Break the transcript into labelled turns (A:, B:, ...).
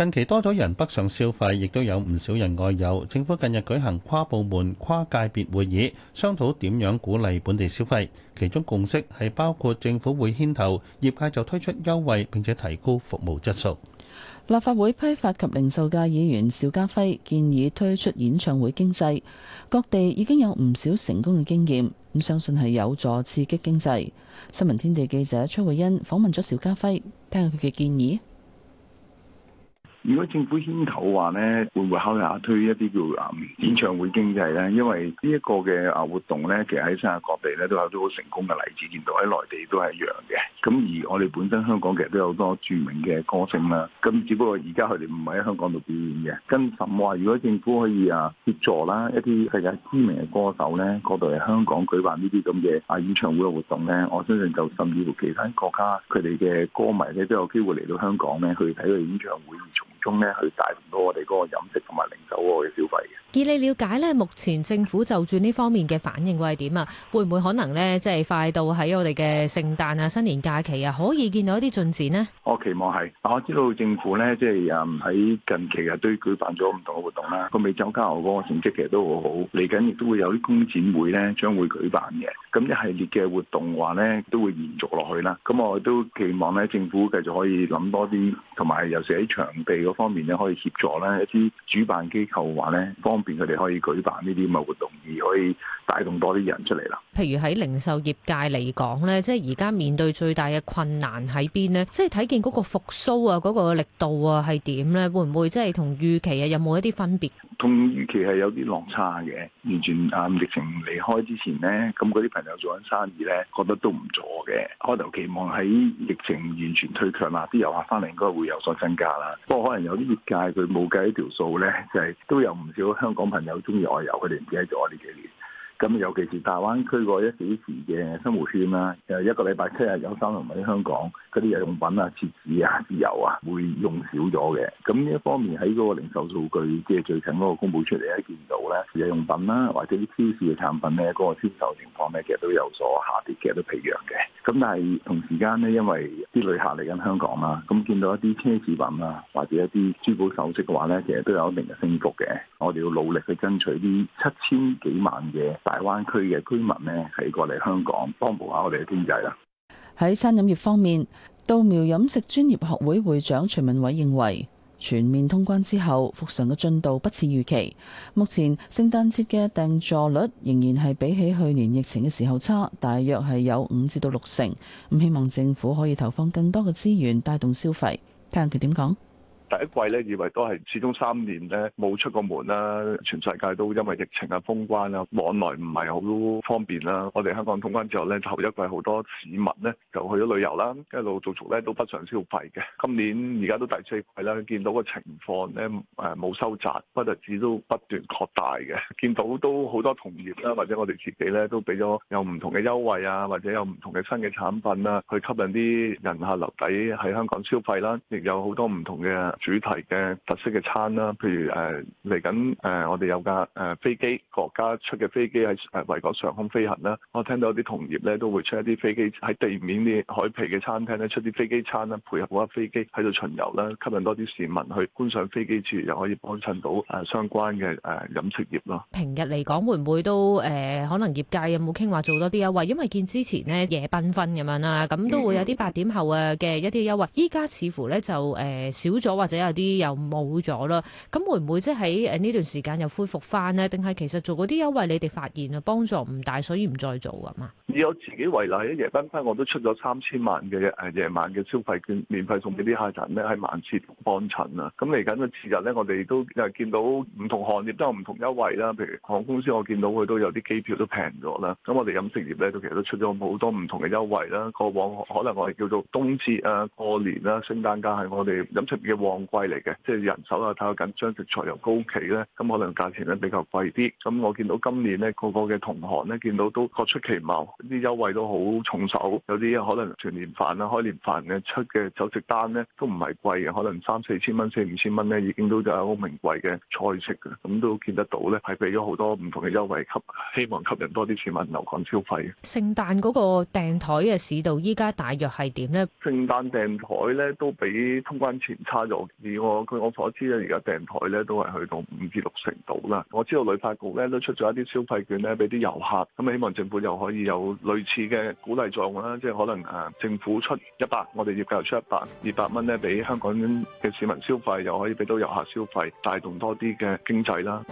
A: 近期多咗人北上消費，亦都有唔少人外遊。政府近日舉行跨部門、跨界別會議，商討點樣鼓勵本地消費。其中共識係包括政府會牽頭，業界就推出優惠，並且提高服務質素。立法會批發及零售界議員邵家輝建議推出演唱會經濟，各地已經有唔少成功嘅經驗，咁相信係有助刺激經濟。新聞天地記者崔蔚恩訪問咗邵家輝，聽下佢嘅建議。
B: 如果政府牽頭話咧，會唔會考慮下推一啲叫啊演唱會經濟咧？因為呢一個嘅啊活動咧，其實喺世界各地咧都有都好成功嘅例子見到，喺內地都係一樣嘅。咁而我哋本身香港其實都有好多著名嘅歌星啦。咁只不過而家佢哋唔喺香港度表演嘅。咁甚話，如果政府可以啊協助啦一啲世界知名嘅歌手咧，過度喺香港舉辦呢啲咁嘅啊演唱會嘅活動咧，我相信就甚至乎其他國家佢哋嘅歌迷咧都有機會嚟到香港咧去睇佢演唱會。中咧，佢大唔多我哋嗰個飲食同埋零售嗰個嘅消費嘅。
C: 以你了解咧，目前政府就住呢方面嘅反應會係點啊？會唔會可能咧，即係快到喺我哋嘅聖誕啊、新年假期啊，可以見到一啲進展呢？
B: 我期望係，我知道政府咧，即係誒喺近期啊，都舉辦咗唔同嘅活動啦。個美酒佳餚嗰個成績其實都好好，嚟緊，亦都會有啲工展會咧，將會舉辦嘅。咁一系列嘅活動話咧，都會延續落去啦。咁我都期望咧，政府繼續可以諗多啲，同埋有時喺場地。方面咧可以協助咧一啲主辦機構話咧方便佢哋可以舉辦呢啲咁嘅活動，而可以帶動多啲人出嚟啦。
C: 譬如喺零售業界嚟講咧，即係而家面對最大嘅困難喺邊咧？即係睇見嗰個復甦啊，嗰個力度啊係點咧？會唔會即係同預期啊有冇一啲分別？
B: 同預期係有啲落差嘅，完全啊疫情離開之前咧，咁嗰啲朋友做緊生意咧，覺得都唔錯嘅。開頭期望喺疫情完全退卻啦，啲遊客翻嚟應該會有所增加啦。不過可能有啲業界佢冇計呢條數咧，就係都有唔少香港朋友中意外遊，佢哋唔記得咗呢幾年。咁尤其是大灣區個一小時嘅生活圈啦，誒一個禮拜七日有三萬喺香港嗰啲日用品啊、設施啊、自由啊，會用少咗嘅。咁呢一方面喺嗰個零售數據，即係最近嗰個公佈出嚟咧，見到咧，日用品啦，或者啲超市嘅產品咧，嗰、嗰個銷售情況咧，其實都有所下跌嘅，其實都疲弱嘅。咁但係同時間呢，因為啲旅客嚟緊香港啦，咁見到一啲奢侈品啊，或者一啲珠寶首飾嘅話呢，其實都有一定嘅升幅嘅。我哋要努力去爭取啲七千幾萬嘅大灣區嘅居民呢，係過嚟香港幫補下我哋嘅經濟啦。
A: 喺餐飲業方面，稻苗飲食專業學會會長徐汶緯認為。全面通關之後，復常嘅進度不似預期。目前聖誕節嘅訂座率仍然係比起去年疫情嘅時候差，大約係有五至到六成。咁希望政府可以投放更多嘅資源，帶動消費。聽下佢點講。第
D: 一季咧，以為都係始終三年咧冇出過門啦，全世界都因為疫情啊封關啦，往來唔係好方便啦。我哋香港通關之後咧，頭一季好多市民咧就去咗旅遊啦，一路續續咧都不常消費嘅。今年而家都第四季啦，見到個情況咧，誒冇收窄，不特止都不斷擴大嘅。見到都好多同業啦，或者我哋自己咧都俾咗有唔同嘅優惠啊，或者有唔同嘅新嘅產品啦，去吸引啲人客留底喺香港消費啦，亦有好多唔同嘅，主題嘅特色嘅餐啦，譬如誒嚟緊誒，我哋有架誒飛機，國家出嘅飛機喺誒維港上空飛行啦。我聽到啲同業咧都會出一啲飛機喺地面啲海皮嘅餐廳咧出啲飛機餐啦，配合嗰架飛機喺度巡遊啦，吸引多啲市民去觀賞飛機，自然又可以幫襯到誒相關嘅誒飲食業咯。
C: 平日嚟講會唔會都誒、呃、可能業界有冇傾話做多啲優惠？因為見之前呢，夜繽紛咁樣啦，咁都會有啲八點後嘅一啲優惠。依家似乎咧就誒、呃、少咗或。或者有啲又冇咗啦，咁會唔會即係喺誒呢段時間又恢復翻呢？定係其實做嗰啲優惠你哋發現啊幫助唔大，所以唔再做㗎嘛？
D: 以我自己為例，喺夜繽紛我都出咗三千萬嘅誒夜晚嘅消費券，免費送俾啲客人呢，喺晚間幫襯啊！咁嚟緊次日咧，我哋都又見到唔同行業都有唔同優惠啦。譬如航空公司，我見到佢都有啲機票都平咗啦。咁我哋飲食業咧都其實都出咗好多唔同嘅優惠啦。過往可能我哋叫做冬節啊、過年啦、聖誕假係我哋飲食嘅旺。貴嚟嘅，即係人手啊，睇下緊張，食材又高企咧，咁可能價錢咧比較貴啲。咁我見到今年咧，個個嘅同行咧見到都各出奇謀，啲優惠都好重手，有啲可能全年飯啊、開年飯嘅出嘅酒席單咧都唔係貴嘅，可能三四千蚊、四五千蚊咧，已經都就有好名貴嘅菜式嘅，咁都見得到咧，係俾咗好多唔同嘅優惠及希望吸引多啲市民留港消費。
C: 聖誕嗰個訂台嘅市道依家大約係點咧？
D: 聖誕訂台咧都比通關前差咗。而我據我所知咧，而家訂台咧都係去到五至六成度啦。我知道旅發局咧都出咗一啲消費券咧，俾啲遊客，咁希望政府又可以有類似嘅鼓勵作用啦，即係可能誒、啊、政府出一百，我哋業界又出一百、二百蚊咧，俾香港嘅市民消費，又可以俾到遊客消費，帶動多啲嘅經濟啦。